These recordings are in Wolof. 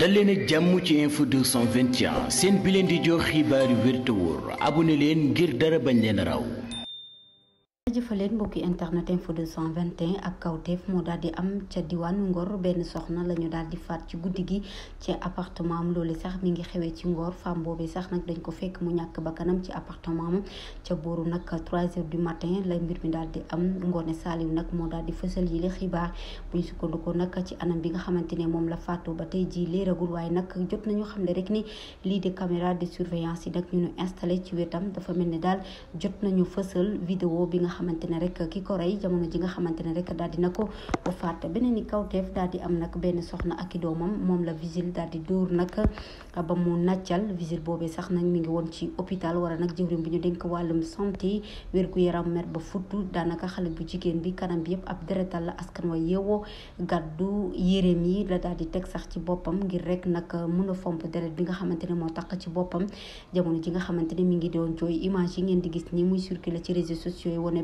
dal leen ak jàmm ci info 221 seen bi leen di jox xibaar yu wér te abu abonné leen ngir dara bañ leen raw jëfaleen mbokki internet info 221 ak kawteef moo daal di am ca diwaanu Ngor benn soxna la ñu daal di faat ci guddi gi ci appartement am loolu sax mi ngi xewee ci Ngor femme boobee sax nag dañ ko fekk mu ñàkk ba kanam ci appartement ca booru nag 3 heures du matin la mbir mi daal di am Ngoone Saliou nag moo daal di fësal yi li xibaar bu ñu sukkandikoo nag ci anam bi nga xamante ne moom la faatoo ba tey jii leeragul waaye nag jot nañu xam ne re ni lii de caméra de surveillance yi nag ñu nu installé wetam dafa mel ni daal jot nañu fësal vidéo bi xamante ne rek ki ko rey jamono ji nga xamante ne rek daal dina ko faat beneen i kawteef daal di am nag benn soxna ak i doomam moom la vigile daal di dóor nag ba mu nàccal vigile boobee sax nag mi ngi woon ci hôpital wala nag jëwriñ bi ñu dénk wàllum santé wér-gu-yaram mer ba futtu daanaka xale bu jigéen bi kanam bi yëpp ab deretal la askan wa yeewoo gàddu yéreem yi la daal di teg sax ci boppam ngir rek nag mën a fomp deret bi nga xamante ne moo taq ci boppam jamono ji nga xamante ne mi ngi doon jooy image yi ngeen di gis ni muy circuler ci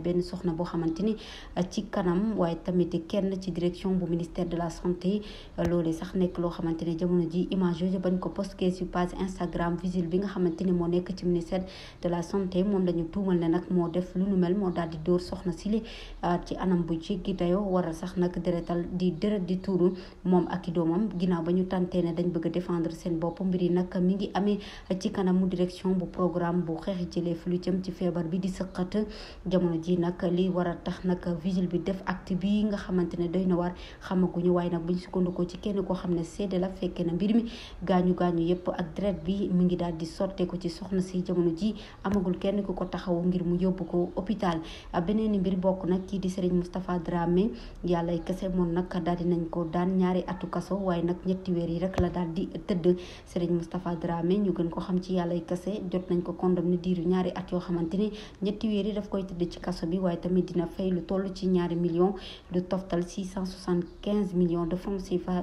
benn soxna boo xamante ni euh, ci kanam waaye tamit kenn ci direction bu ministère de la santé euh, loolee sax nekk loo xamante ne jamono ji image yooyu bañ ko posté ci page Instagram visuel bi nga xamante ni moo nekk ci ministère de la santé moom la ñu tuumal ne nag moo def lu nu mel moo daal di dóor soxna si li euh, ci anam bu jéggi dayoo waral sax nag deretal di deret di tuuru moom ak i doomam ginnaaw ba ñu tàntee ne dañ bëgg a défendre seen bopp mbir yi nag mi ngi amee ci kanamu direction bu programme bu xeexi jëlee lu jëm ci feebar bi di lii nag lii war a tax nag vigile bi def act bi nga xamante ne doy na war xamaguñu waaye nag buñ sukkandikoo ci kenn koo xam ne seede la fekkee na mbir mi gaañu gaañu yëpp ak deret bi mi ngi daal di sottee ko ci soxna si jamono ji amagul kenn ku ko taxawu ngir mu yóbbu ko hôpital beneen mbir bokk nag kii di Serigne Moustapha Dramé yàlla kese moom nag daal di nañ ko daan ñaari atu kaso waaye nag ñetti weer yi rek la daal di tëdd Serigne Moustapha Dramé ñu gën ko xam ci yàllay kase jot nañ ko condamné diiru ñaari at yoo xamante ni ñetti weer yi daf koy tëdd ci kaso bi waaye tamit dina fay lu toll ci ñaari millions lu toftal six cent soixante quinze millions de francs CFA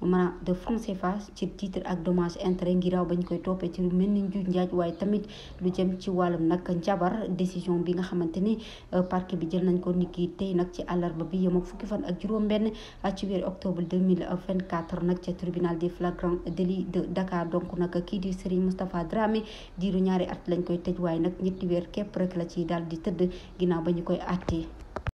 maanaam de francs CFA ci titre ak dommage intérêt ngir raw bañ koy toppee ci lu mel ni njuuj njaaj waaye tamit lu jëm ci wàllum nag njabar décision bi nga xamante ni euh, parquet bi jël nañ ko nit ki tey nag ci àllarba bi yem ak fukki fan ak juróom-benn euh, ci weeru octobre 2024 nag ca tribunal des flagrants délits de Dakar donc nag kii di Serigne Moustapha Dramé diiru ñaari at lañ koy tëj waaye nag ñetti weer képp rek la ci daal di tëdd ginnaaw ba ñu koy àttee